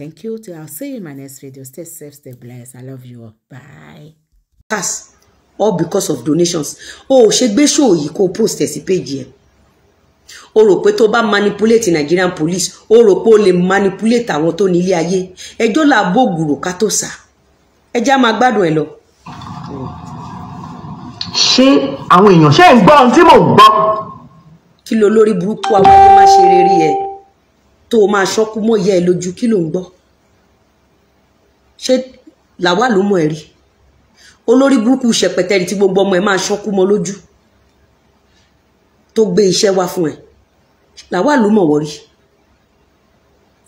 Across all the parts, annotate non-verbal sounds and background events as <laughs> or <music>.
Thank you. Till I'll see you in my next video. Stay safe, stay blessed. I love you all. Bye. Pass. All because of donations. Oh, ṣe gbé show yìí kó post ẹ̀ sí page yẹn. O rò pé tó bá manipulate Nigerian police, o rò pé o lè manipulate àwọn tó nílé ayé. Ẹjọ́ là bó gùrò ká tó sà. Ẹ já máa gbádùn ẹ lọ. Ṣé àwọn èèyàn ṣe ń gbọ́ ohun tí mò ń gbọ́? Kí lo lórí rere ẹ̀ tó máa ṣọ́kú mọ́ ìyá ẹ lójú kí ṣé làwa ló mọ ẹ rí olórí burúkú ṣẹpẹtẹrì tí gbogbo ọmọ ẹ máa ṣọkú mọ lójú tó gbé iṣẹ́ wá fún ẹ làwa ló mọ wọrí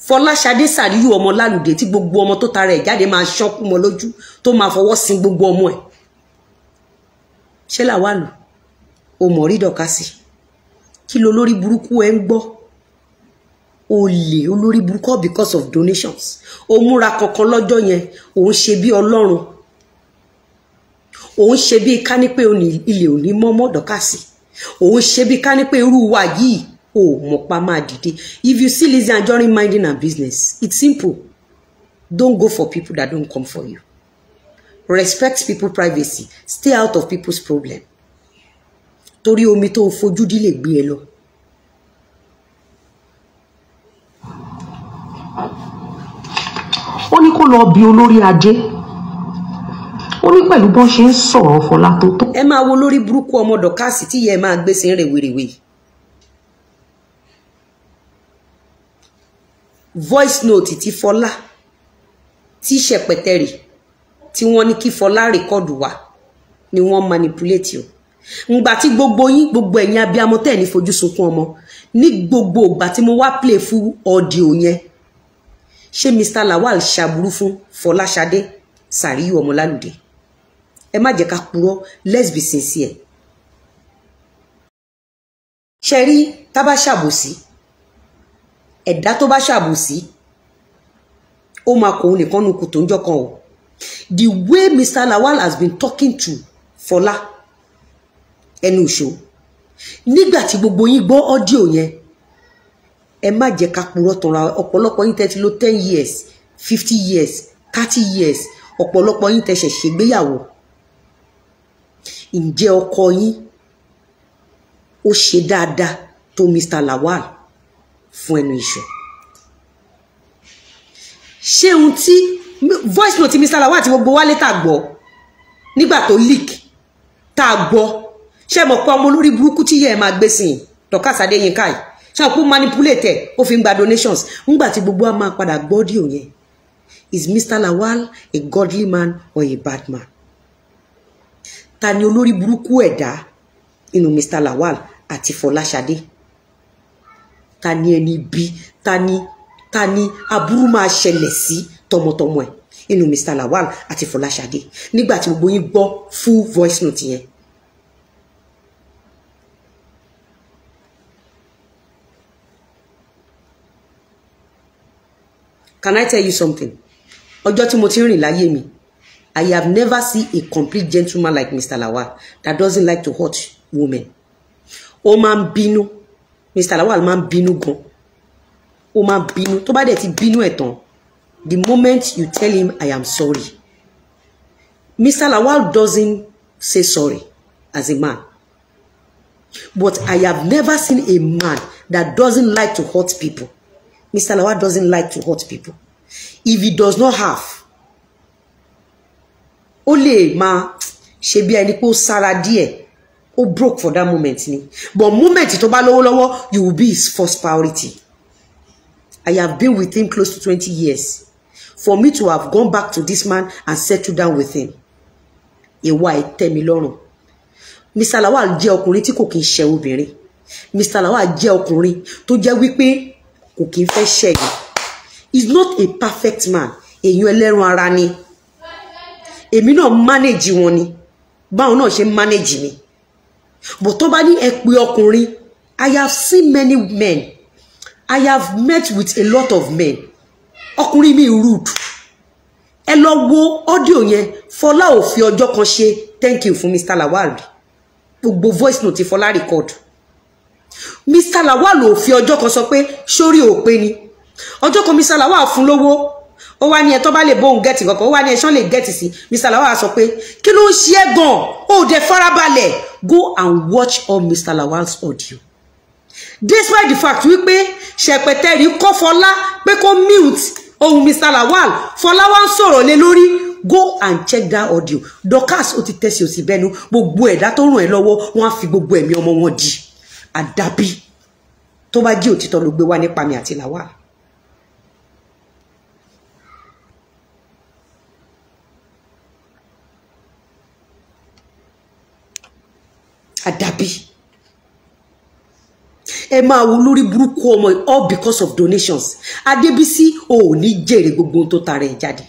fọláṣadé sàríyù ọmọ lálùdé tí gbogbo ọmọ tó tara ẹ jáde máa ṣọkú mọ lójú tó máa fọwọ́ sin gbogbo ọmọ ẹ ṣé làwa lò ó mọ̀ rí dọ̀ka sí kí lo lórí burúkú ẹ ń gbọ́ olè olórí burúkú because of donations ó múra kankan lọ́jọ́ yẹn òun ṣe bí ọlọ́run òun ṣe bí ká ní pé ilé òní mọ́mọ́ dọ́kàsì òun ṣe bí ká ní pé irú wa yìí ò mọ̀ pa máa dìde if you see Lizzy Anjorin minding her business it's simple don't go for people that don't come for you respect people privacy stay out of people's problem torí omi tó fojú dí lè gbé ẹ lọ. ó ní kó lọ́ọ́ bi olórí ajé ó ní pẹ̀lú bọ́n ṣe ń sọ̀rọ̀ fọlá tó tó. ẹ máa wo lórí burúkú ọmọ dọ̀kásì tí yẹ máa gbé sí rèwerèwe. voice note ti fọlá tí ṣẹpẹtẹrì tí wọ́n ní kí fọlá rẹkọọdù wá ni wọ́n manipulate o ngbà tí gbogbo yín gbogbo ẹ̀yin abiyamọ tẹ ní fojú sunkún ọmọ ní gbogbo ìgbà tí mo wá play fún ọdìò yẹn ṣé Mr Lawal ṣàbùrú fún Fọláṣadé Sàríyù Ọmọlálùdé ẹ má jẹ́ ká purọ́ let's be sincere ṣe rí tá bá ṣàbòsí ẹ̀dá tó bá ṣàbòsí ó máa kó nìkan nu kù ń jọkan o the way Mr Lawal has been talking to Fọlá ẹnu ìṣó nígbà tí gbogbo yín gbọ́ ọ́díò yẹn ẹ má jẹ́ ká purọ́ tọ̀ra ọ̀pọ̀lọpọ̀ yín tẹ́ ti ten years fifty years thirty years ọ̀pọ̀lọpọ̀ yín tẹ́ ṣẹ̀ṣẹ̀ gbéyàwó ǹjẹ́ ọkọ yín ó ṣe dáadáa tó Mr. Lawal fún ẹnu iṣẹ́ ṣé ohun tí voice note Mr. Lawal ti gbogbo wa létà gbọ́ nígbà tó leak tá a gbọ́ ṣé mọ̀ pé ọmọ olórí burúkú tí yẹ máa gbé sí i dọ̀kásádé yín káyìí ṣe àpò manipulate ẹ̀ ó fi ń gba donations ńgbà tí gbogbo a máa padà gbọ́díò yẹn is Mr. Lawal a godly man or a bad man ta ni olórí burúkú ẹ̀dá inú Mr. Lawal àti Fọláṣadé ta ni ẹni bí ta ni ta ni aburú máa ṣẹlẹ̀ sí tọmọtọmọ ẹ̀ inú Mr. Lawal àti Fọláṣadé nígbà tí gbogbo yín gbọ́ full voice note yẹn can I tell you something ọjọ́ tí mo ti rìn láyé mi I have never seen a complete gentleman like Mr. Lawal that doesn't like to hurt women O máa ń bínú Mr. Lawal máa ń bínú gan ó máa ń bínú tó bá dẹ̀ ti bínú ẹ̀ tán the moment you tell him I am sorry Mr. Lawal doesn't say sorry as a man but I have never seen a man that doesn't like to hurt people. Mr. Lawa doesn't like to hurt people. If he does not have, only ma, she be a ẹni pé ó broke for that moment ni but moment it bá lówó lọ́wọ́ you will be his first priority. I have been with him close to twenty years for me to have gone back to this man and settle down with him ìwà ìtẹ́mi Temiloro, Mr. Lawal jẹ́ ọkùnrin tí kò will be ṣe obìnrin Mr. Lawal jẹ́ ọkùnrin tó jẹ́ wípé kò kí n fẹ́ ṣẹ̀yìn he's not a perfect man èèyàn ẹlẹ́ran ara ni èmi náà manage wọn ni báwọn náà ṣe manage mi but tó bá ní ẹ pé ọkùnrin I have seen many men I have met with a lot of men ọkùnrin mi rude ẹ lọ wo ọ́díò yẹn Fọlá ò fi ọjọ́ kan ṣe thank you fún Mr. Lawal gbogbo voice note ti Fọlá record. Mr Lawal ò fi ọjọ́ kan sọ pé sórí òpin ni ọjọ́ kan Mr Lawal fún lówó ó wá ní ẹ tó bá lè bóun gẹ̀tì kankan ó wá ní ẹ ṣán lè gẹ̀tì sí Mr Lawal sọ pé kí ló ń ṣe é gan ó dẹ farabalẹ̀ go and watch all Mr Lawal's audio despite the fact wípé ṣèpẹtẹrì kọ Fọlá pé kó mute ohun Mr Lawal Fọlá wá ń sọ̀rọ̀ lé lórí go and check that audio Dorkas ó ti tẹsí òsì bẹnu gbogbo ẹ̀dá tó ràn ẹ́ lọ́wọ́ wọ́n á fi gbogbo ẹ̀mí ọmọ wọn di àdàbí tó bá jí òtítọ́ ló gbé wá nípa mi àti làwà. àdàbí ẹ máa wo lórí burúkú ọmọ all because of donations adébísí ò ní jèrè gbogbo ohun tó tara ẹ jáde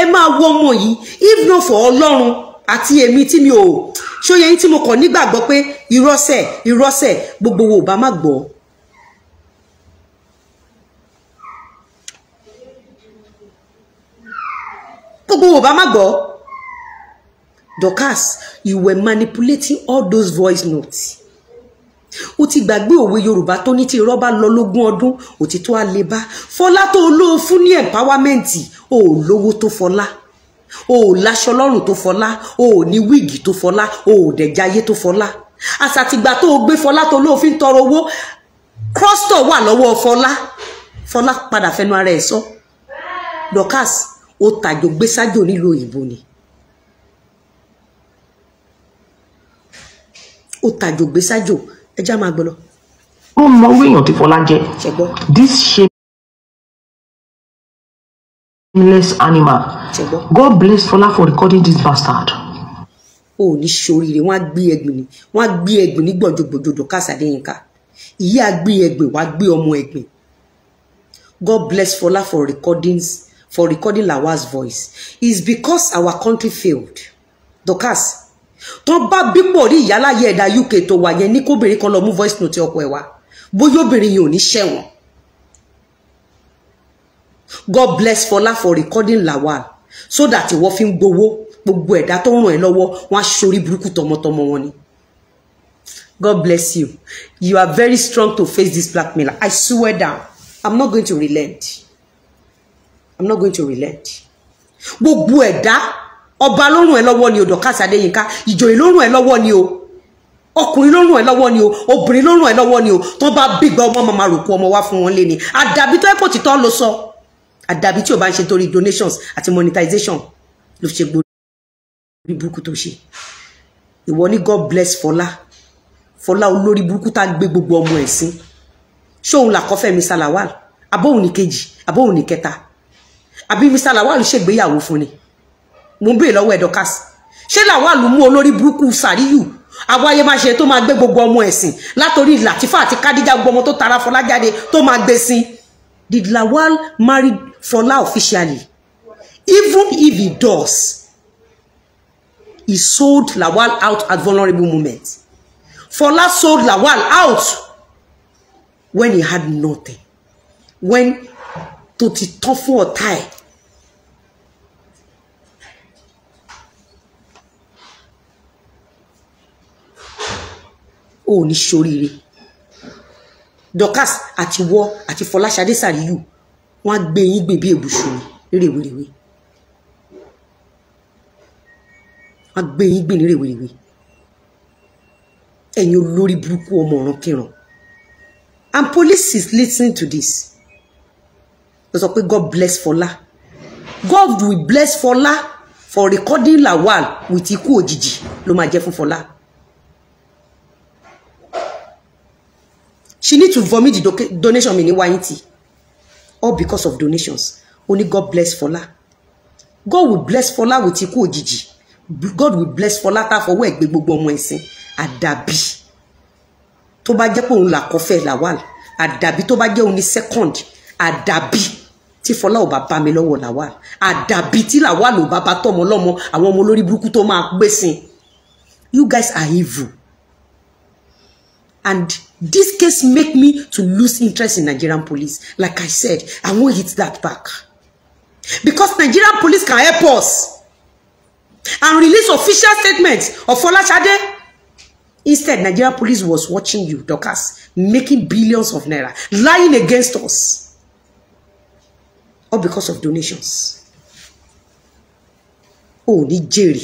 ẹ máa wo ọmọ yìí if not for ọlọ́run àti èmi tí mi ò ṣóyẹ yín tí mo kàn nígbàgbọ́ pé irọ́sẹ̀ irọ́sẹ̀ gbogbo wo bá má gbọ́. gbogbo wo bá má gbọ́. Dorcas you were manipulating all those voice notes. o ti gbàgbé òwe Yorùbá tó ní tí irọ́ bá lọ lógún ọdún òtítọ́ á lè bá fọlá tó lóo fún ní ẹ̀mpáwámẹ́ǹtì ò lówó tó fọlá o ò láṣọ lọ́rùn tó fọlá o ò ní wíìgì tó fọlá o ò dẹ̀jáyé tó fọlá àsàtìgbà tó o gbé fọlá tó lóò fi ń tọrọ owó crostor wà lọ́wọ́ fọlá fọlá padà fẹnu ara ẹ̀ sọ Dorkas o tàjò gbé sájò nílùú òyìnbó ni o tàjò gbé sájò já máa gbọ́ lọ. ó mọ owó èèyàn tí fọlá jẹ this shape nameless animal. God bless Fola for recording this bastard. O ò ní ṣoríire, wọ́n á gbé ẹ̀gbìn ni, wọ́n á gbé ẹ̀gbìn ní gbọ̀njọ̀gbọ̀jọ̀dò Kásádé Yínká. Ìyá gbé ẹ̀gbìn, wàá gbé ọmọ ẹ̀gbìn. God bless Fola for recordings for recording Lawa's voice. It's because our country failed. Dorcas, tán bá bípò rí ìyáláyé ẹ̀dá UK tó wà yẹn ní kóbìnrin kan lọ mú voice note ọkọ ẹ̀ wá. Bóyá obìnrin yìí ò ní ṣẹ̀wọ̀n. God bless Fọlá for recording Lawal so that ìwọ fi ń gbowó gbogbo ẹ̀dá tó ràn ẹ́ lọ́wọ́ wọn á ṣorí burúkú tọmọtọmọ wọn ni. God bless you. You are very strong to face this blackmailer. I swear down. I'm not going to relent. I'm not going to relent. Gbogbo ẹ̀dá ọba ló ràn ẹ́ lọ́wọ́ ni o Dorkas Adéyínká ìjòyè ló ràn ẹ́ lọ́wọ́ ni o ọkùnrin ló ràn ẹ́ lọ́wọ́ ni o obìnrin ló ràn ẹ́ lọ́wọ́ ni o tó bá bígbà ọmọ màmá ọmọ wá fún wọn lé ni àdàbí tó ẹ̀kọ́ títọ́ ló sọ. So àdàbí tí o bá ń ṣe torí donations àti monetization ló fi ṣe gbórí burúkú tó ṣe ìwọ ní God bless Fọlá Fọlá olórí burúkú tá a gbé gbogbo ọmọ ẹ̀ sí ṣóun làkọ́fẹ́ mi salawal abóhùn ní kejì abóhùn ní kẹta àbí mi salawal ṣègbéyàwó fún ni mo ń béèrè lọ́wọ́ ẹ̀dọ́kàs ṣé lawal mú olórí burúkú sàríyù àwọn ayé máa ṣe tó máa gbé gbogbo ọmọ ẹ̀sìn látòrí Làtífà àti Kádíjà gbogbo tó tara Fọlá jáde tó máa gbé sí Did Lawal marry Fola officially? Even if he does, he sold Lawal out at vulnerable moment. Fola sold Lawal out when he had nothing. When tó ti tán fún ọ̀tá ẹ̀. Ó ní Dorcas àti wọ àti Fọláṣadé Sàríyù wọ́n á gbé yín gbè bí èbùsù ni rèwerèwe wọ́n á gbé yín gbè ní rèwerèwe ẹ̀yin olórí burúkú ọmọ ọ̀ràn kìràn and police is listening to this lọ sọ pé God bless Fọlá God will bless Fọlá for recording Lawal with ikú òjijì ló máa jẹ́ fún Fọlá. she need to vomit the donation mi ní all because of donations Only God bless Fola. God will bless Fola with ikú òjijì God will bless Fola tá fọwọ́ ẹ̀ gbé gbogbo ọmọ ẹ̀sìn àdàbí tó bá jẹ́ pé òun là kọfẹ́ Lawal Adabi. tó bá jẹ́ òun second Adabi. tí Fọlá ò bá bá mi lọ́wọ́ Lawal àdàbí tí Lawal ò bá bá tọmọ lọ́mọ àwọn ọmọ olórí burúkú tó máa gbé sin you guys are evil and this case make me to lose interest in Nigerian police like I said I won't hit that back because Nigerian police can help us and release official statements of Folashade instead Nigerian police was watching you Dorcas making billions of naira lying against us all because of donations Oh, ò ní jèrè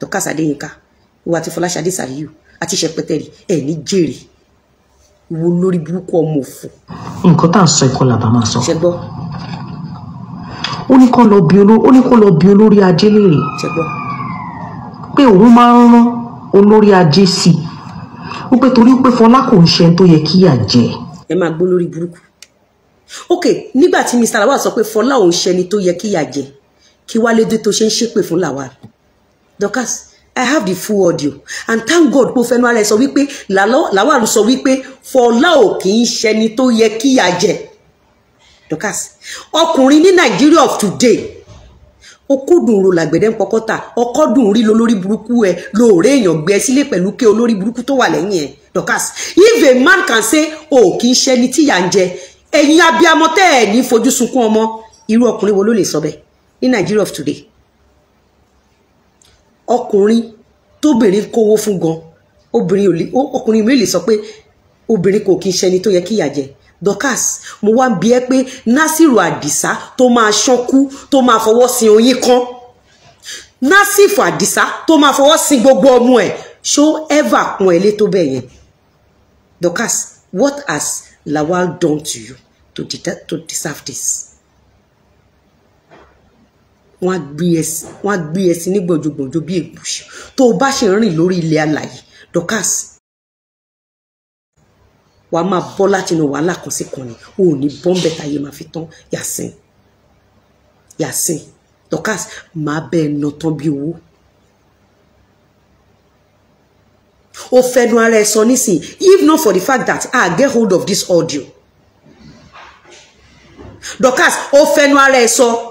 Dorcas Adéyínká ìwà àti Fọláṣadé Sàríyù àti Ṣẹpẹtẹrì ẹ ní jèrè ìwo lórí burúkú ọmọ òfò. nǹkan tá à ń sọ ìkọlà bá máa sọ. ṣẹgbọ́. ó ní kó lọ bí olórí ó ní kó lọ bí olórí ajé léèrè. ṣẹgbọ́. pé òun máa ń rán olórí ajé sí i ó pé torí pé Fọlá kò ń ṣe tó yẹ kí yà jẹ. ẹ máa gbọ́ lórí burúkú. ok nígbà tí Mr. Lawal sọ pé Fọlá òun ṣe ni tó yẹ kí yà jẹ kí Wálé dé tó ṣe ń ṣépè fún Lawal. Dorcas I have the full audio and thank God pé ó fẹnu ara ẹ sọ wípé Lawal for wípé Fọlá ò kì í ṣẹni tó yẹ kíyà jẹ Dorkas Nigeria of today okódùn ro làgbẹ̀dẹ̀ ń pọkọ́ta ọkọ́dùn rí lolórí burúkú ẹ lóòrè èèyàn gbé ẹ sílé pẹ̀lú ké olórí burúkú tó to lẹ́yìn ẹ Dorkas if a man can say o kì í ṣẹni tíyà ń jẹ ẹ̀yin abiyamọ tẹ́ ẹ̀ ní fojú sunkún ọmọ irú ọkùnrin wo ló lè sọ bẹ́ẹ̀ ní Nigeria of today ọkùnrin tóbìnrin kówó fún gan obìnrin ò lè ọkùnrin mi lè sọ pé obìnrin kò kí n ṣẹni tó yẹ kí ìyà jẹ Dorkas mo wá ń bi ẹ́ pé Nasiru Àdìsá tó máa ṣánkú tó máa fọwọ́ sin oyin kan Nasiru Àdìsá tó máa fọwọ́ sin gbogbo ọmọ ẹ̀ ṣó ever pọn ẹ lé bẹ́ẹ̀ yẹn Dorkas what has Lawal done to you to, to deserve this wọ́n á gbé ẹsìn ní gbọ̀njọ̀gbọ̀njọ̀ bí ègbùsì tó o bá ṣe ń rìn lórí ilẹ̀ alàyè Dorkas wàá máa bọ́ láti inú wàhálà kan sí kan ni o ò ní bọ́ńbẹ́ táyé máa fi tán Yasin Yasin Dorkas máa bẹ́ẹ̀ nà tán bí owó. o fẹnu ara ẹ sọ nísìnyí if not for the fact that I get hold of this audio Dorkas o fẹnu ara ẹ sọ. So,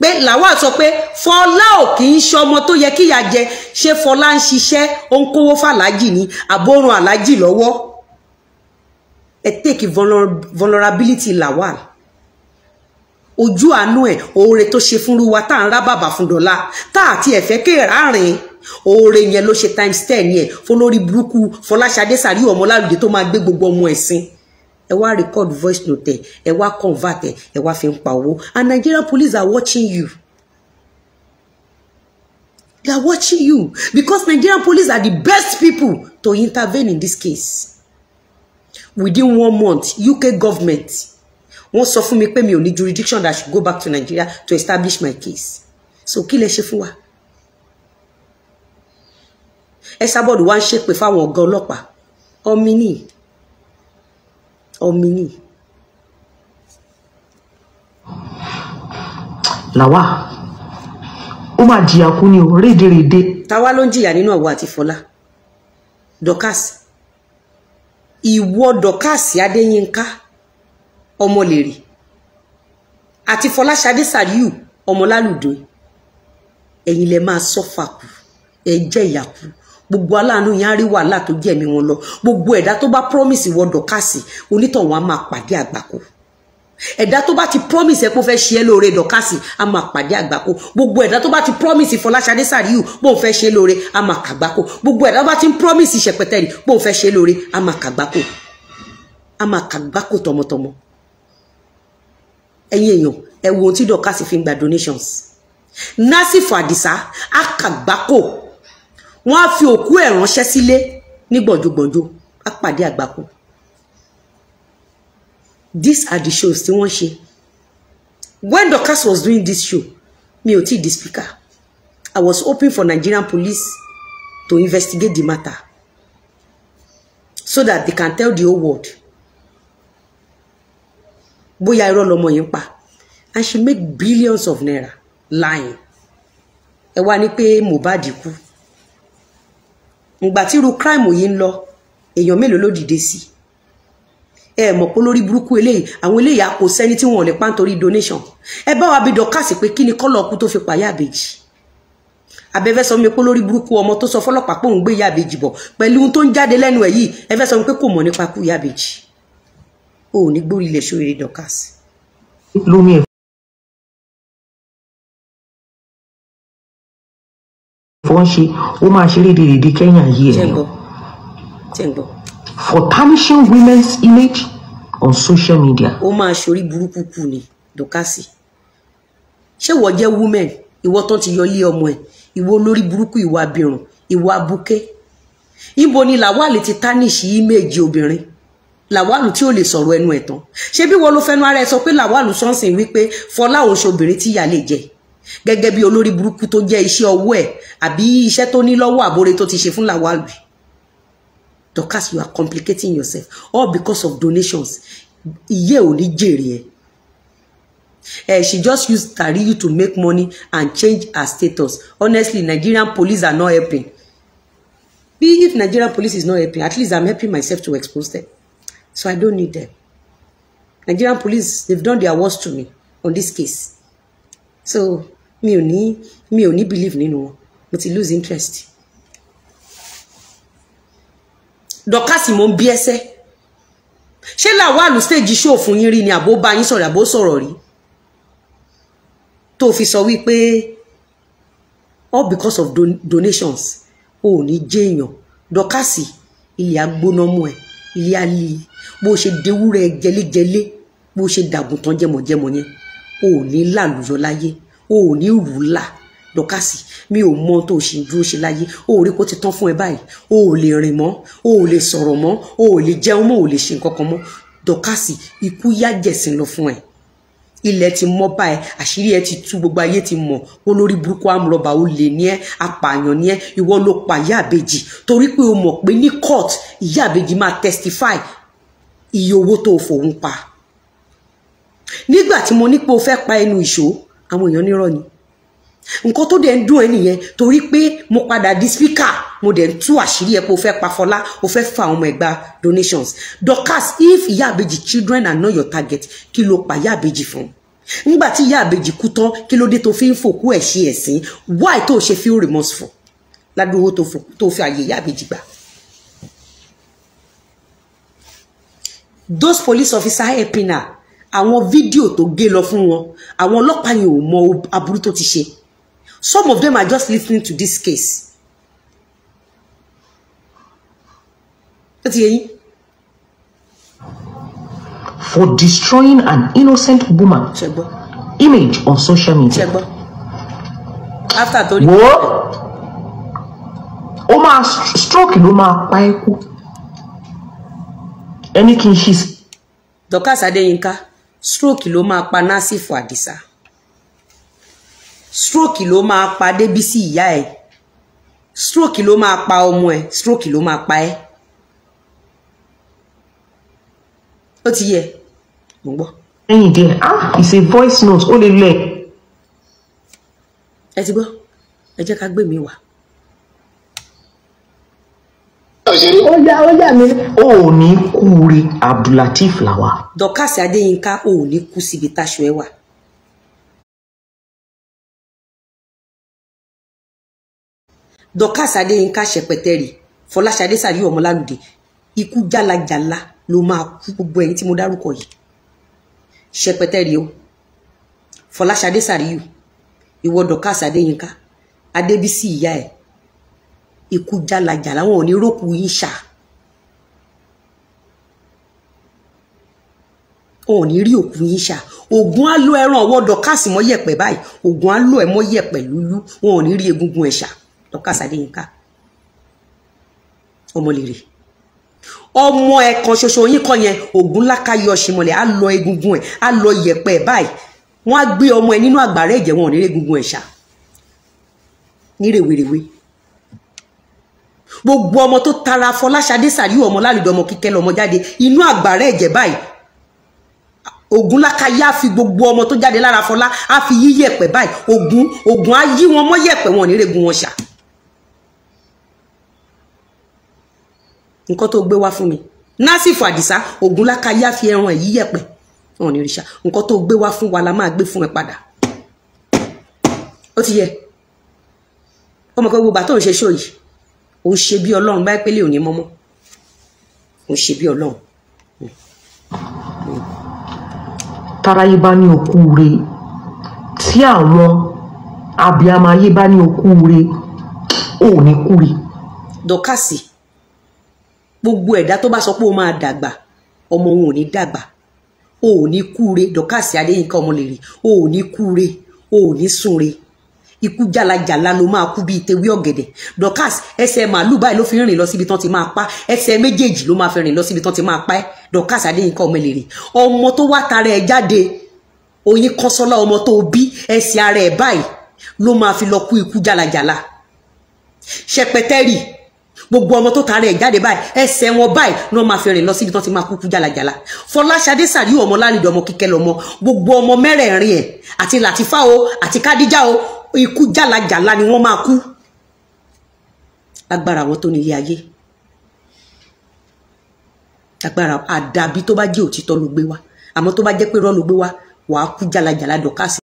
pé Lawal sọ pé Fọlá ò kì í ṣọmọ tó yẹ kíyà jẹ ṣé Fọlá ń ṣiṣẹ́ ó fàlájì ní àbórun àlájì lọ́wọ́ ẹ take vulnerability Lawal ojú àánú ẹ oore tó ṣe fún ruwa tá à ń rá bàbà fún dọ́là tá àti ẹ̀fẹ́ kéèrà rìn oore yẹn ló ṣe times ten yẹn fọlórí burúkú Fọláṣadé sàrí ọmọlárùdé tó máa gbé gbogbo ọmọ ẹ̀sìn E wa record voice note e wa convert e wa wá fi ń pa and Nigerian police are watching you they are watching you because Nigerian police are the best people to intervene in this case within one month UK government wọ́n sọ fún mi pé mi ò ní jurisdiction that I should go back to Nigeria to establish my case so kí lẹ ṣe fún wa ẹ sábọ̀dù wá ń ṣépè fáwọn ọ̀gá ọlọ́pàá ọmọ ọmọnì. làwa ó máa jìyà kú ni ò rédeèrèdè. táwa ló ń jìyà nínú ọ̀wọ́ àti fọlá dorcas ìwọ dorcas adéyínká ọmọlèrè àti fọláṣadé sàríù ọmọlálùdó ẹ̀yin lè máa sọ́fà kù ẹ jẹ́ ìyà gbogbo aláàánú yẹn á rí wàhálà tó jẹ̀mí wọn lọ gbogbo ẹ̀dá tó bá promise wọ dọ̀kásì onítọ̀hún á máa pàdé àgbákò ẹ̀dá tó bá ti promise ẹ pé ó fẹ́ ṣe é lóore dọ̀kásì á máa pàdé àgbákò gbogbo ẹ̀dá tó bá ti promise Fọláṣadé Sàríù bó ń fẹ́ ṣe é lóore á máa kàgbákò gbogbo ẹ̀dá tó bá ti promise Ṣẹ̀pẹ̀tẹ̀rì bó ń fẹ́ ṣe é lóore á máa kàgbákò á máa kàgbákò tọmọtọmọ ẹ̀yin èèyàn ẹ wo ohun tí dọ̀kásì fi ń gba donations Nasifu Àdìsá á kàgbákò wọ́n á fi òkú ẹ̀ ránṣẹ́ sílé ní gbọ̀njúgbọ̀njú á pàdé àgbákò these are the shows tí wọ́n ṣe when Dorkas was doing this show mi ò tí di speaker I was hoping for Nigerian police to investigate the matter so that they can tell the whole world bóyá irọ́ lọmọ yẹn pa and she make billions of naira lying ẹ wá ní pé Mohbad kú ìgbà tí irú crime yìí ń lọ èèyàn mélòó ló dìde sí ẹ mọ̀ pé lórí burúkú eléyìí àwọn eléyìí kò sẹ́ni tí wọ́n lè pa nítorí donation e bá wa bí dọ́kàsì pé kí ni kọ́lọ̀ ọkú tó fi pààyà àbèjì abẹ́fẹ́ sọ mi pé lórí burúkú ọmọ tó sọ fọlọ́pàá pé òun gbé ìyá àbèjì bọ̀ pẹ̀lú ohun tó ń jáde lẹ́nu ẹ̀ yìí ẹ fẹ́ sọ mi pé kò mọ̀ nípa kú ìyá àbèjì òun ní gbórí ilẹ̀ ṣòwò eré dọ́kàsì. lómi ẹ̀ fọ́n ṣe ó máa ṣe rédè rédè kẹ́yìn ayé ẹ̀ for tarnishing women's image on social media. ó máa ṣorí burúkú kù ní dọ́kásì ṣé wọ́n jẹ́ women ìwọ tán ti yọlé ọmọ ẹ̀ ìwọ olórí burúkú ìwà abirùn ìwà abuké ibo ni làwálì ti tánìṣì íméèjì obìnrin làwálù tí ò lè sọ̀rọ̀ ẹnu ẹ̀ tán ṣé bí wọ́n ló fẹnu ara ẹ sọ pé làwálù sọ́nsìn wípé fọlá òun ṣe obìnrin tí ìyá lè jẹ́ gẹ́gẹ́ bí olórí burúkú tó jẹ́ iṣẹ́ ọwọ́ ẹ̀ àbí iṣẹ́ tó ní lọ́wọ́ àbóre tó ti ṣe fún Lawal bí you are complicating yourself all because of donations iye ò ní jèrè ẹ Eh, she just used Tariu to make money and change her status. Honestly, Nigerian police are not helping. Be if Nigerian police is not helping, at least I'm helping myself to expose them. So I don't need them. Nigerian police, they've done their worst to me on this case so mi ò ní mi ò ní believe nínú wọn mo ti lose interest. dọ́kásì mo ń bí ẹsẹ́ ṣé làwálù stage show fún yín rí ni àbó bá yín sọ̀rọ̀ àbó sọ̀rọ̀ rí tó fi sọ wípé all because of don donations ò ní jẹ́èyàn dọ́kásì ilé agbóná mú ẹ ilé alẹ́ bó ṣe dewúrẹ́ jẹlẹ́jẹlẹ́ bó ṣe dàgùntàn jẹmọ̀jẹmọ̀ yẹn o ò ní làlùyọ láyé o ò ní rù ú là dọkasi mi ò mọ tó ṣì ń dúró ṣe láyé o ò rí kó ti tán fún ẹ báyìí o ò lè rìn mọ́ o ò lè sọ̀rọ̀ mọ́ o ò lè jẹun mọ́ o ò lè ṣe nǹkan kan mọ́ dọkasi ikú yá jẹ̀sìn lọ fún ẹ ilẹ̀ ti mọ́ báyìí àṣírí ẹ ti tú gbogbo ayé ti mọ̀ wọn lórí burúkú amúrọ̀bà ó lè ní ẹ apààyàn ní ẹ ìwọ ló pa ìyá àbèjì torí pé o mọ̀ pé ní court ìyá àbèjì máa testify iye owó tó o fòun pa nígbà tí mo nípò fẹ́ pa ẹnu ìṣó àwọn èèyàn nírọ̀ ni nǹkan tó dẹ̀ ń dùn ẹ́ nìyẹn torí pé mo padà di spíkà mo dẹ̀ ń tú àṣírí ẹ̀ pé o fẹ́ pa Fọlá o fẹ́ fa ọmọ ẹ̀gbá donations Dorkas if ìyá àbèjì children are not your target kí ló pa ìyá àbèjì fún nígbà tí ìyá àbèjì kú tán kí ló dé tó fi ń fòkú ẹ̀ ṣe ẹ̀sìn why tó ṣe feel remorseful ládùúgbò tó fi àyè ìyá àbèjì gbà. those police officers helping her àwọn fídíò tó gé lọ fún wọn àwọn ọlọ́pàá yẹn ò mọ aburú tó ti ṣe some of them are just listening to this case. ó ti yé for destroying an innocent woman Chegbo. image on social media. Chegbo. after tori. wo o máa stroke ló máa pa ẹ́ kú ẹni kì í ṣe. Dorcas Adéyínká stroke ló máa pa násìfò àdìsá stroke ló máa pa débísí ìyá ẹ stroke ló máa pa ọmọ ẹ stroke ló máa pa ẹ ó ti yẹ mo gbọ́. lẹ́yìn díẹ̀ ah it's a voice note ó lè lẹ̀. ẹ ti gbọ́ ẹ jẹ́ ká gbé mi wá òṣèré. ó yá ó yá mi ò ní kú rí Abdulateef làwà. Dorkas Adéyínká ò ní kú síbi táṣọ ẹ wà. Dorkas Adéyínká ṣẹpẹtẹrì Fọláṣadé Sàríù Ọmọlálùdé ikú jálajàla ló máa kú gbogbo ẹni tí mo dárúkọ yìí ṣẹpẹtẹrì o Fọláṣadé Sàríù ìwọ Dorkas Adéyínká Adébísí ìyá ẹ̀ ikú jálajàla làwọn ò ní rókù yìí ṣá wọn ò ní rí òkú yìí ṣá ògùn á lo ẹran ọwọ́ dọ́kàsì mọ́ yẹ̀pẹ̀ báyìí ògùn á lo ẹ̀ mọ́ yẹ̀pẹ̀ lúlú wọn ò ní rí egungun ẹ̀ṣà dọ́kàsì adéyínká ọmọ lèrè ọmọ ẹ kan ṣoṣo yín kọ yẹn ògùn lákàyè ọṣìmọlẹ á lọ egungun ẹ á lọ yẹ̀pẹ̀ báyìí wọn á gbé ọmọ ẹ nínú àgbàrá ẹ̀jẹ̀ wọn ò ní rí egungun ẹ ṣá nírèwèrèwé gbogbo ọmọ tó tara Fọláṣadé Sàríù ọmọ lálùdọ ọmọ kíkẹ́ lọmọ jáde inú àgbàrá ẹ̀jẹ̀ báyìí ogun lákàyà fi gbogbo ọmọ tó jáde lára Fọlá á fi yí yẹ̀pẹ̀ báyìí ogun ogun á yí wọn mọ́ yẹ̀pẹ̀ wọn nírègùn wọn ṣá. nǹkan tó gbé wá fún mi násìfò àdìsá ogun lákàyà fi ẹran ẹ̀ yí yẹ̀pẹ̀ wọn nírèṣà nǹkan tó gbé wá fún wa la máa gbé fún ẹ padà ó ti yẹ ọmọ kan gbogbo àtọ̀ ń ṣe ṣó yìí ò ṣe bí ọlọ́run báyìí pélé òní mọ́mọ́ ò ṣe bí ọlọ́run. táráyé bá ní òkú re tí àwọn abiamayé bá ní òkú re ò ní kú re. dọ́kàsì gbogbo ẹ̀dá tó bá sọ pé ó máa dàgbà ọmọ òun ò ní dàgbà o ò ní kúre dọ́kàsì adéyínká ọmọlèrè o ò ní kúre o ò ní súnre ikú jàlàjàlà ló máa kú bíi tewé ọ̀gẹ̀dẹ̀ Dorcas ẹsẹ̀ màálù báyìí ló fi rìn lọ síbi tán ti máa pa ẹsẹ̀ méjèèjì ló máa fi rìn lọ síbi tán ti máa pa ẹ́ Dorcas Adéyínká ọmọ èlèrè ọmọ tó wá tara ẹ̀ jáde oyin kọ́sọ́lá ọmọ tó bí ẹsẹ̀ ara ẹ̀ báyìí ló máa fi lọ kú ikú jàlàjàlà ṣẹpẹtẹ́rì gbogbo ọmọ tó tààrẹ ẹ jáde báyìí ẹsẹ̀ wọn báyìí ló máa fi rìn lọ síbi tó ti máa kúkú jàlàjàlà Fọláṣadé Sàríù ọmọ Lárìndé ọmọ Kíkẹ́ lọmọ gbogbo ọmọ mẹ́rẹ̀ẹ̀rin ẹ àti Làtífà o àti Kádíjà o ikú jàlàjàlà ni wọ́n máa kú lágbára àwọn tó ní ilé ayé lágbára àdàbí tó bá jẹ́ òtítọ́ ló gbé wá àmọ́ tó bá jẹ́ pé irọ́ ló gbé wá wàá kú jàlàjàlà dọ̀kásì.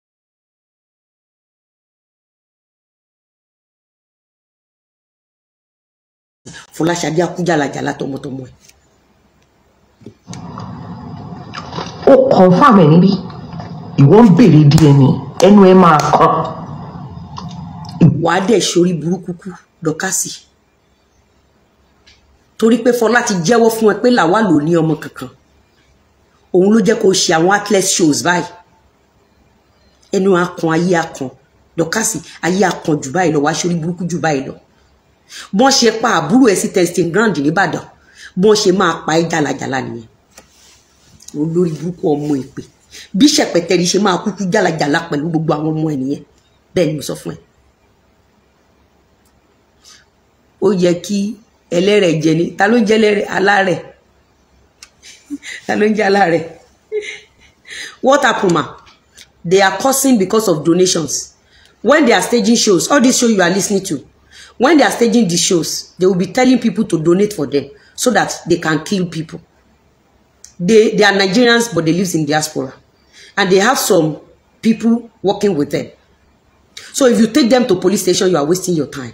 Fọláṣadé á tọmọtọmọ ẹ̀. ó kàn fún àmì níbí ìwọ ń béèrè DNA ẹnu ẹ máa kàn wàá dẹ̀ sórí burúkú kú dọ́kásì torí pé Fọlá ti jẹ́wọ́ fún ẹ pé Lawal ò ní ọmọ kankan òun ló jẹ́ kó ṣe àwọn athlete shows báyìí ẹnu akàn ayé akàn dọ́kásì ayé akàn jù báyìí lọ wàá sórí burúkú jù báyìí lọ bọ́n ṣe pa àbúrò ẹ sí testing ground nìbàdàn bọ́n ṣe máa pa ẹ́ jàlàjàlà nìyẹn olórí burúkú ọmọ ìpè bí ṣẹpẹtẹ ni ṣe máa kúkú jàlàjàlà pẹ̀lú gbogbo àwọn ọmọ ẹ nìyẹn bẹ́ẹ̀ ni mo sọ fún ẹ. ó yẹ kí ẹlẹ́rẹ̀ jẹlé ta ló jẹ́ ẹlẹ́rẹ̀ alárẹ̀ <laughs> ta ló jẹ́ alárẹ̀ what happen they are cursing because of donations when they are staging shows all these shows you are listening to when they are staging these shows they will be telling people to donate for them so that they can kill people they they are Nigerians but they live in diaspora and they have some people working with them so if you take them to police station you are wasting your time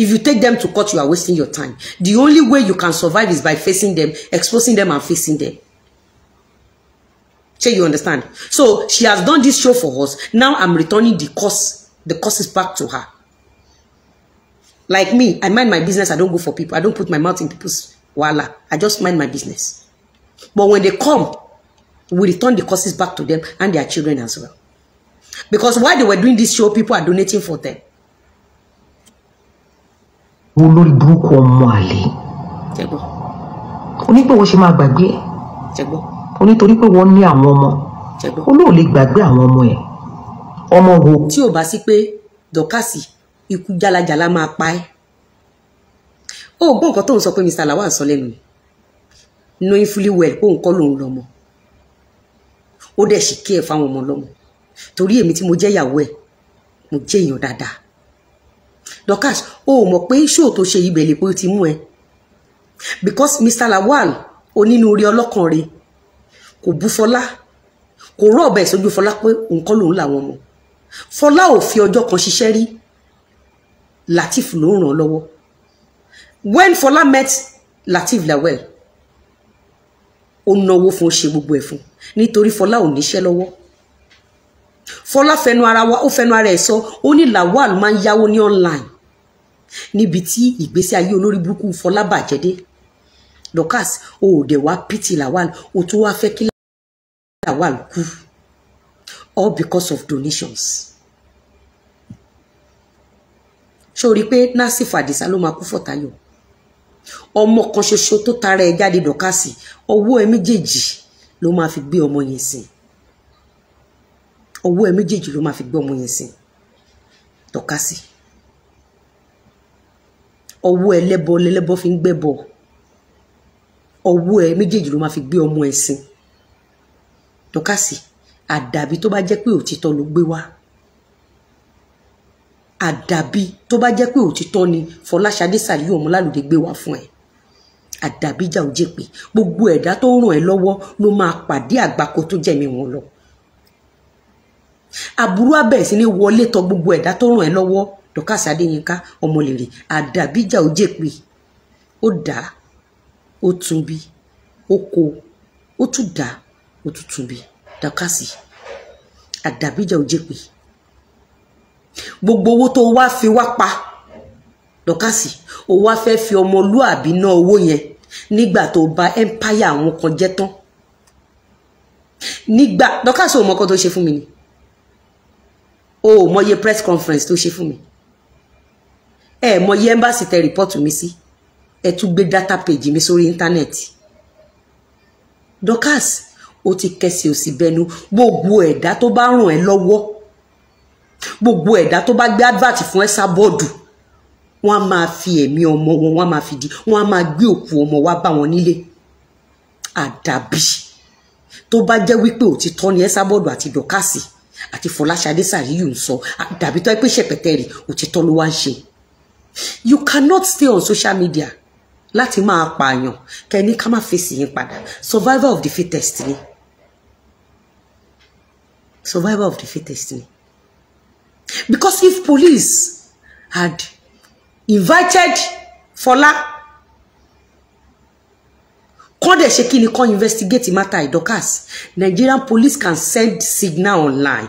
if you take them to court, you are wasting your time. The only way you can survive is by facing them, exposing them and facing them. So you understand? So she has done this show for us. Now I'm returning the cost. The cost is back to her. Like me, I mind my business. I don't go for people. I don't put my mouth in people's Walla. I just mind my business. But when they come, we return the courses back to them and their children as well. Because while they were doing this show, people are donating for them. wo lórí burúkú ọmọ àlè onígbòho ṣe máa gbàgbé ẹ onítorí pé wọ́n ní àwọn ọmọ olóòlè gbàgbé àwọn ọmọ ẹ ọmọ wo. tí ò bá sí pé dọ́kàsì ikú jálajàla máa pa ẹ́ ó gbọ́ nǹkan tó ń sọ pé Mr. Lawal sọ lẹ́nu knowing fully well pé òun lòun lọ́mọ ó dẹ̀ sì kí ẹ̀ fáwọn ọmọ lọ́mọ torí èmi tí mo jẹ́ ìyàwó ẹ̀ mo jẹ́ èèyàn dáadáa Dorcas o ò mọ̀ pé iṣẹ́ tó ṣe ibẹ̀ lè pé ó ti mú ẹ because Mr Lawal onínúure ọlọ́kàn rẹ̀ kò bú Fọlá kò rọ ọ̀bẹ ìsojú Fọlá pé nǹkan lòun làwọn mọ̀ Fọlá ò fi ọjọ́ kan ṣiṣẹ́ rí Latif ló ń ràn lọ́wọ́ when Fọlá met Latif Lawal ó náwó fún ó ṣe gbogbo ẹ̀ fún nítorí Fọlá ò níṣẹ́ lọ́wọ́ fọlá fẹnu ara wa ó fẹnu ara ẹ sọ ó ní lawal máa ń yáwó ní online níbi tí ìgbésí ayé olórí burúkú fọlá bàjẹ́ dé dorcas o ò dẹ̀ wá pity lawal o tún wá fẹ́ kí lawal kú all because of donations ṣó rí i pé nasif adisa ló máa kú fọ̀tayọ̀ ọmọ kan ṣoṣo tó tara ẹ̀ jáde dorcas ọwọ́ ẹ̀ méjèèjì ló máa fi gbé ọmọ yẹn sìn ọwọ́ ẹ méjèèjì ló máa fi gbé ọmọ yẹn sìn tọ́ka sí ọwọ́ ẹ lẹ́bọ lẹ́lẹ́bọ fi ń gbẹ́bọ ọwọ́ ẹ méjèèjì ló máa fi gbé ọmọ ẹ sìn tọ́ka sí àdàbí tó bá jẹ́ pé òtítọ́ ló gbé wá àdàbí tó bá jẹ́ pé òtítọ́ ni Fọláṣadé Sàlíù Ọmọlálùdé gbé wá fún ẹ àdàbíjà ò jẹ́ pé gbogbo ẹ̀dá tó ràn ẹ́ lọ́wọ́ ló máa pàdé àgbákò tó jẹ̀mí wọn lọ aburú abẹ́ẹ̀ sí ni wọlé tọ gbogbo ẹ̀dá tó ràn ẹ́ lọ́wọ́ dọ́kàsí adéyínká ọmọlèrè àdàbíjà ó jèpè ó dá ó tún bí ó kó ó tún dá ó tún tún bí dọ́kàsí àdàbíjà ó gbogbo owó tó wá fi wá pa dọ́kàsí ó wá fẹ́ fi ọmọlúàbí ná owó yẹn nígbà tó bà empire àwọn kan jẹ́ tán nígbà dọ́kàsí ò mọ nǹkan tó ṣe fún mi ni o ò mọye press conference tó ṣe fún mi ẹ mọye embassy tẹ report mi sí ẹ tún gbé data page mi sórí íńtánẹ́ẹ̀tì Dorkas ó ti kẹsì òsì bẹnu gbogbo ẹ̀dá tó bá ràn ẹ́ lọ́wọ́ gbogbo ẹ̀dá tó bá gbé advert fún ẹ sábọ́ọ̀dù wọ́n á máa fi ẹ̀mí ọmọ wọn wọ́n á máa fi di wọ́n á máa gbé òkú ọmọ wa bá wọn nílé àdàbí tó bá jẹ́ wípé òtítọ́ ni ẹ sábọ́ọ̀dù àti Dorkas àti Fọláṣadé Sàríyù ń sọ dàbí tó ẹ pé ṣẹpẹtẹ rè òtítọ́ ló wá ń ṣe you cannot stay on social media láti máa pààyàn kẹni ká má fèsì yín padà survivor of the fittest ni survivor of the fittest ni because if police had invited Fola kọ́ dẹ̀ ṣe kí ni kọ́ investigate matter ìdọ́kàs Nigerian police can send signal online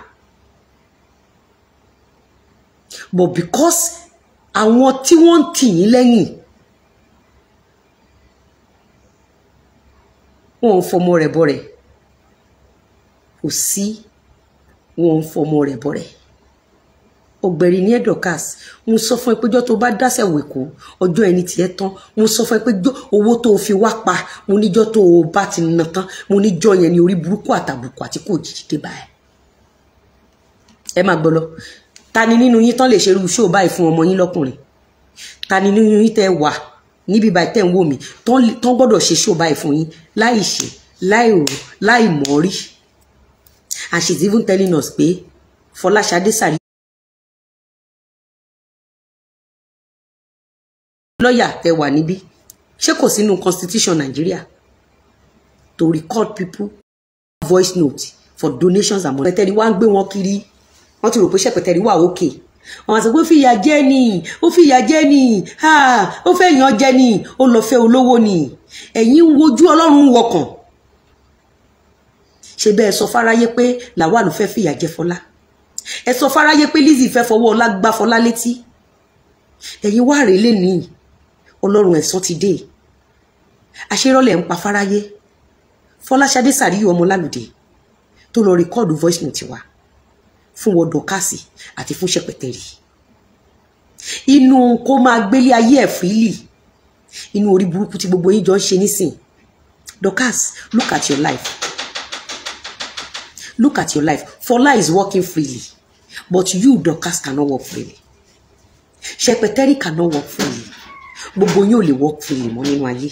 but because àwọn tí wọ́n ń tì yín lẹ́yìn wọ́n ń fọmọ rẹ̀ bọ̀rẹ̀ kò sí wọ́n ń fọmọ rẹ̀ bọ̀rẹ̀ ọ̀gbẹ̀rì ní ẹdọkas mo sọ fún ẹ pé ọjọ́ tó bá dáṣẹ wèkó ọjọ́ ẹni tiẹ̀ tán mo sọ fún ẹ pé owó tó o fi wá pa mo níjọ́ tó o bá ti nà tán mo níjọ́ yẹn ní orí burúkú àtàbùkù àti kò jìjì dé báyìí ẹ máa gbọ́ lọ ta ni nínú yín tán lè ṣerú ṣó báyìí fún ọmọ yín lọ́kùnrin ta ni nínú yín tẹ́ wà níbi báyìí tẹ́ ń wò mí tán gbọ́dọ̀ ṣe ṣó báyìí fún yín láì ṣe láì rò láì and she's even telling us pé Fọláṣadé sàrí. lọ́ọ̀yà tẹ wà níbí ṣé kò sínú constitution Nigeria to record people voice note for donations and money. pẹ̀tẹ́rì wá ń gbé wọn kiri wọ́n ti rò pé ṣẹ̀pẹ̀tẹ́rì wà òkè àwọn àti pé ó fìyà jẹ ni ó fìyà jẹ ni ó fẹ́ yàn jẹ ni ó lọ fẹ́ olówó ni ẹ̀yin ń wojú ọlọ́run wọkàn ṣe bẹ́ẹ̀ sọ fáráyé pé làwọn àlùfẹ́ fìyà jẹ fọlá ẹ sọ fáráyé pé Lizzy fẹ́ fọwọ́ ọlá gbá fọlá létí ẹ̀yin wá rèé lé ọlọ́run ẹ̀sọ́ ti dé àṣerọ́lẹ̀ ń pa fáráyé fọláṣadé sàríyù ọmọ lálùdé tó lọ rìkọ́ọ̀dù voice note wa fún wọn dọ̀kásì àti fún ṣẹpẹtẹrì inú kó máa gbélé ayé ẹ̀ fílì inú orí burúkú tí gbogbo yín jọ ń ṣe nísìn dorcas look at your life look at your life fola is working freely but you dorcas cannot work freely ṣẹpẹtẹrì cannot work freely gbogbo yín ò lè work freely mọ́ nínú ayé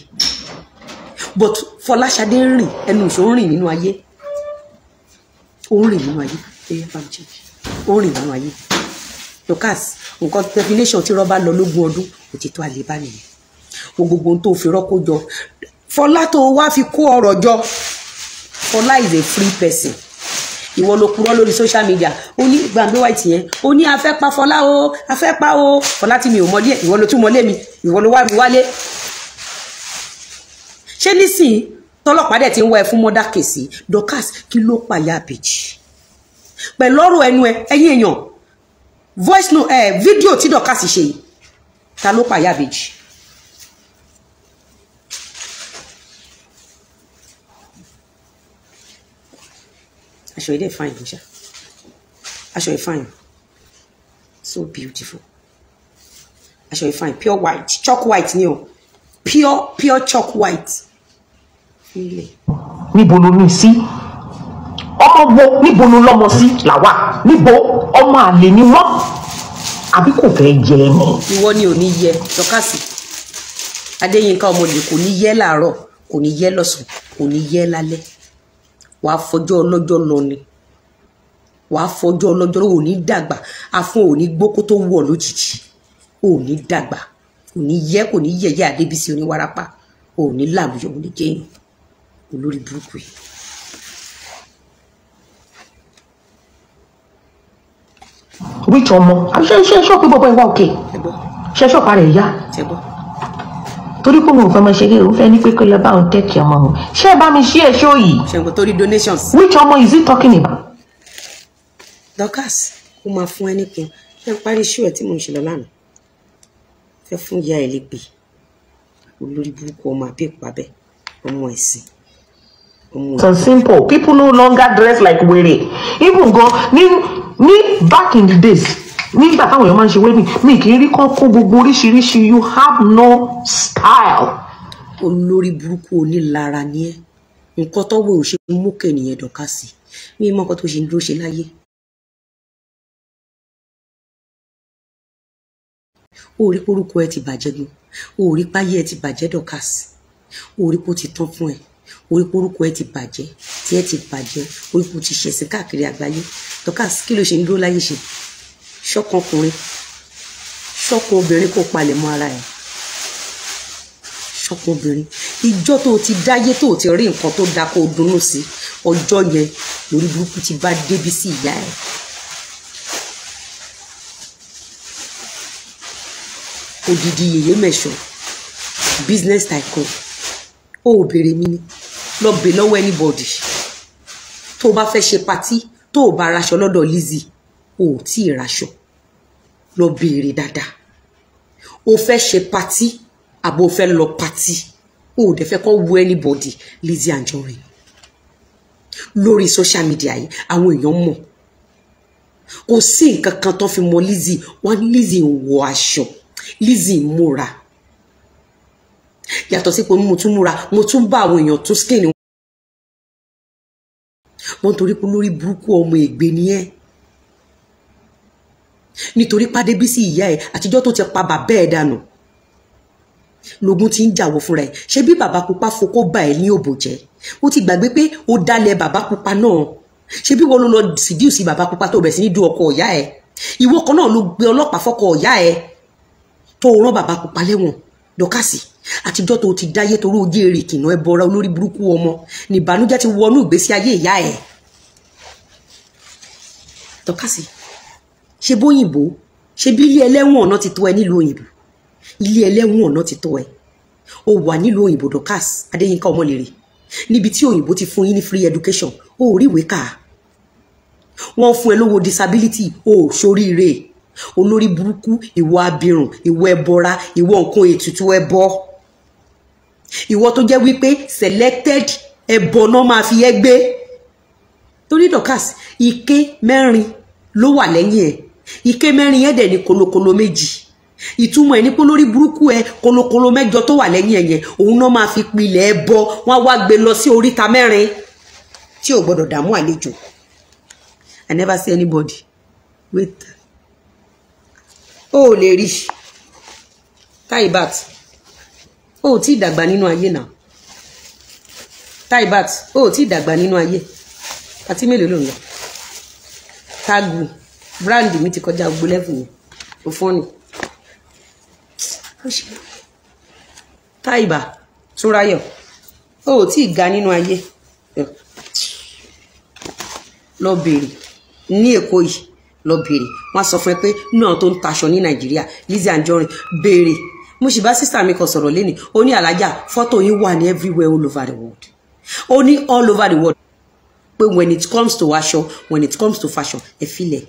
but Fọláṣadé ń rìn ẹnu ìṣó ń rìn nínú ayé ó ń rìn nínú ayé ẹyẹ bá mi change ó ń rìn nínú ayé Dorcas nǹkan definition tí rọ́bà lọ lógún ọdún òtítọ́ àlébá nìyẹn wo gbogbo ohun tó fi rọ́kó jọ Fọlá tó wá fi kó ọrọ̀ jọ Fọlá is a free person ìwọ ló purọ́ lórí social media ó ní Gbàǹgbé White yẹn ó ní afẹ́ pa Fọlá o afẹ́ pa o Fọlá tí mi ò mọlé ìwọ ló tún mọlé mi ìwọ ló wá mi wálé. ṣé nísìnyí tọlọ́pàá dẹ̀ ti ń wá ẹ fún mọ́dà kèsì Dorkas kí ló pàyà àbèjì pẹ̀lú ọ̀rọ̀ ẹnu ẹ ẹ̀yin èèyàn voice no ẹ fídíò tí Dorkas ṣe yìí ta ló ya àbèjì aṣọ yìí dẹ̀ fine ní ṣá aṣọ yìí fine so beautiful aṣọ yìí fine pure white chalk white ni o pure pure chalk white Really. níbo ló ní sí ọmọ wo níbo ló lọ́mọ sí làwa níbo ọmọ àlè ni wọ́n àbí kò fẹ́ jẹ ẹ ni. ìwọ ni ò ní yẹ tọ́kasì adéyínká ọmọdé kò ní yẹ láàárọ̀ kò ní yẹ lọ́sàn kò ní yẹ lálẹ́ wàá fọjọ́ ọlọ́jọ́ lọ ni wàá fọjọ́ ọlọ́jọ́ ò ní dàgbà afún ò ní gbókó tó wọ̀ lójijì ò dàgbà ò yẹ kò ní yẹ̀yẹ́ àdébísí oníwárapá ò làlùyọ ò ní olórí burúkú yìí. wíjọ ọmọ ṣe ṣe ṣọ́ọ̀pù gbogbo ẹ̀ wá òkè ṣe ṣọ́ọ̀pù ara ẹ̀ yá torí pé mo ò fẹ́ mọ ṣeré òun fẹ́ ní pé kó lọ bá òun tẹ́kì ọmọ òun ṣé ẹ bá mi ṣí ẹ ṣó yìí. ṣèǹkó torí donations. which ọmọ is he talking about. Dorcas ó máa fún ẹ nìkan ẹ ń parí iṣu ẹ tí mò ń ṣe lọ lánàá fẹ́ fún ìyá ẹ lè gbè olórí burúkú ọmọ àbí ìpàbẹ ọmọ ẹ̀sìn. So simple people no longer dress like were even go ni ni back in the days nígbà táwọn èèyàn máa ń ṣe wedding mi kì í rí kọ́kọ́ gbogbo oríṣiríṣi you have no style. olórí burúkú onílara ni ẹ nǹkan tọ́wọ́ ò ṣe mú kẹ́nìyàn dọ̀ka sí mi mọ́ nǹkan tó ṣe ń dúró ṣe láyé. o porúkọ ẹ ti bàjẹ́ gun o rí páyé ẹ ti bàjẹ́ dọ̀ka sí o rí ti tán fún ẹ orí porúkọ ẹ ti bàjẹ́ tí ẹ ti bàjẹ́ orí kò ti ṣẹ̀sìn káàkiri àgbáyé dọ́kàs kí ló ṣe ń dúró láyé ṣe ṣọkan ọkùnrin ṣọkan obìnrin kó palẹ̀ mọ́ ara ẹ̀ ṣọkan obìnrin ìjọ tó ti dáyé tó ti rí nǹkan tó dáa kó dunnú sí ọjọ́ yẹn lórí burúkú ti bá débi sí ìyá ẹ̀. odidi yèyé mẹ̀ṣọ́ business tycoon ó ò béèrè mi ni lọ bè lọ́wọ́ anybody tó o bá fẹ́ ṣe patí tó o bá raṣọ lọ́dọ̀ Lizzie o ò tí ì raṣọ lọ béèrè dáadáa o fẹ́ ṣe patí àbò o fẹ́ lọ patí o ò dẹ̀ fẹ́ kọ́ wo anybody Lizzy Anjorin lórí social media yìí àwọn èèyàn mọ̀ kò sí nǹkan kan tó fi mọ Lizzy wọn Lizzy ń wọ aṣọ Lizzy ń múra yàtọ̀ sí pé mo tún múra mo tún bá àwọn èèyàn tún skin wọn torí pé lórí burúkú ọmọ ègbè ni ẹ́ nítorí Pádébísí ìyá ẹ̀ àtijọ́ tó ti pa bàbá ẹ̀ dànù lógún ti ń jàwó fúnra ẹ̀ ṣé bí bàbá pupa fokó bá ẹ̀ ní òbò jẹ́ ó ti gbàgbé pé ó dalẹ̀ bàbá pupa náà ṣé bí wọn ló lọ sídìúsì bàbá pupa tó bẹ̀ sí ní du ọkọ ọ̀yá ẹ̀ ìwọ kan náà ló gbé ọlọ́pàá fọkọ ọ̀yá ẹ̀ tó rán bàbá pupa lẹ́wọ̀n dọ́kàsì àtijọ́ tó ti dáyé torí ojú èrè kìnà ẹ bọra olórí burúkú ọmọ nìbànújẹ́ ti wọnú ìgbésí ayé ìyá ẹ̀ dọ́kàsì ṣe bóyìnbó ṣe bí ilé ẹlẹ́wọ̀n ọ̀nà ti tó ẹ nílùú òyìnbó ilé ẹlẹ́wọ̀n ọ̀nà ti tó ẹ o wà nílùú òyìnbó Dorkas Adéyínká Ọmọlérè níbi tí òyìnbó ti fún yín ní free education o ò rí ìwé kà wọ́n fún ẹ lówó disability o ò ṣoríire olórí burúkú ìwọ abirùn ìwọ ẹbọra ìwọ nǹkan ètùtù ẹbọ ìwọ tó jẹ́ wípé selected ẹbọ náà máa fi ẹ gbé torí Dorkas ike mẹ́rin ló wà lẹ́yìn ẹ̀ ike mẹ́rin yẹn dẹ̀ ní kolokolo méjì ìtumọ̀ ẹ̀ ní pé lórí burúkú ẹ kolokolo mẹ́jọ tó wà lẹ́yìn ẹ̀yẹn òun náà máa fi pilẹ̀ ẹ bọ wọn wá gbé lọ sí oríta mẹ́rin tí ò gbọdọ̀ dààmú àlejò I never see anybody wait o ò lè rí taibat o ò tí ì dàgbà nínú ayé náà taibat o ò tí ì dàgbà nínú ayé àti mélòó ló ń lọ tágù brand mi ti kọjá gbogbo level yẹn ó fọ́nì táìbà súnráyọ̀ ó ò tí ì ga nínú ayé lọ bèrè ní èkó yìí lọ bèrè wọn sọ fún ẹ pé inú àwọn tó ń taṣọ ní nàìjíríà Lizzy Anjorin bèrè mo sì bá sísà mi kan sọ̀rọ̀ lẹ́nìí ó ní alájà fọ́tò yín wà ní everywhere all over the world ó ní all over the world pé when it comes to aṣọ when it comes to fashion ẹ filẹ̀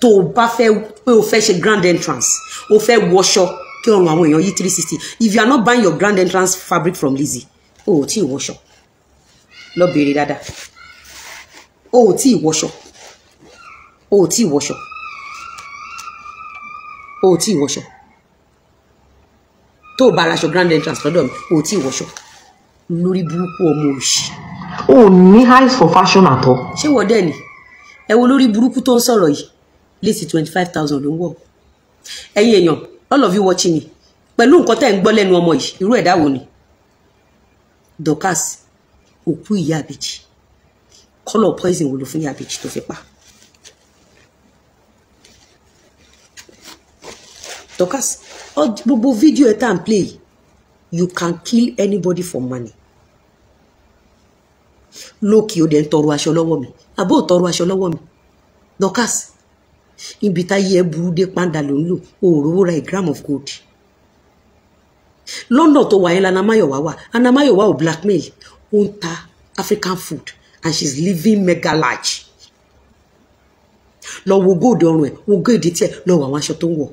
tó o bá fẹ́ pé o fẹ́ ṣe grand entrance o fẹ́ wọṣọ kí ọrùn àwọn èèyàn yí three sixty if you are not buying your grand entrance fabric from Lizzie. o ò tí ì wọṣọ lọ béèrè dáadáa o ò tí ì wọṣọ o ò tí ì wọṣọ o ò tí wọṣọ tó o bá aṣọ grand entrance lọ́dọ̀ mi o ò tí ì wọṣọ lórí burúkú ọmọ òṣì. o ò ní eyes for fashion at all. ṣé wọ́n dẹ̀ ni ẹ wo lórí burúkú tó ń sọ̀rọ̀ yìí lẹ́sì twenty five thousand ló ń wọ̀ ẹ̀yin èèyàn all of you watching me pẹ̀lú nǹkan tẹ́ ń gbọ́ lẹ́nu ọmọ yìí irú ẹ̀dá wo ni Dorkas òkú ìyá àbèjì kọ́lọ̀ poison wo ló fún ìyá àbèjì tó fi pa. Dorkas gbogbo fídíò ẹ̀ tá à ń play you can kill anybody for money lókì ó dẹ̀ ń tọrọ aṣọ lọ́wọ́ mi àbó ò tọrọ aṣọ lọ́wọ́ mi Dorkas ibi táyé ẹ burú dé pàǹdà ló ń lò òòrówó ra a gram of gold london tó wà yẹn lana mayowa wà lana mayowa ò blackmail ó ń ta african food and she's living mega large lọ wo góòdì ọrùn ẹ wo góòdì tiẹ lọ wọ àwọn aṣọ tó ń wọ̀